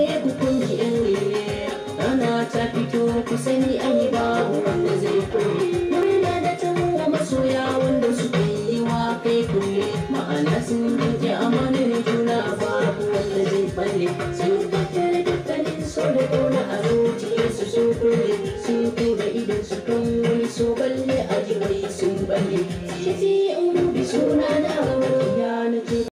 ne hukunci yan ne rana ta fito ku sani ai babu wanda zai kore murna da tamuwa masoya wanda suka yi wa kai kulle ma'ana sun yanke amanar juna a babu wanda zai falle sun tattara dukkanin so da kauna a zuciyarsu sun kulle sun tura idon su kan wani so balle a jiwai sun balle shafi'un bi suna na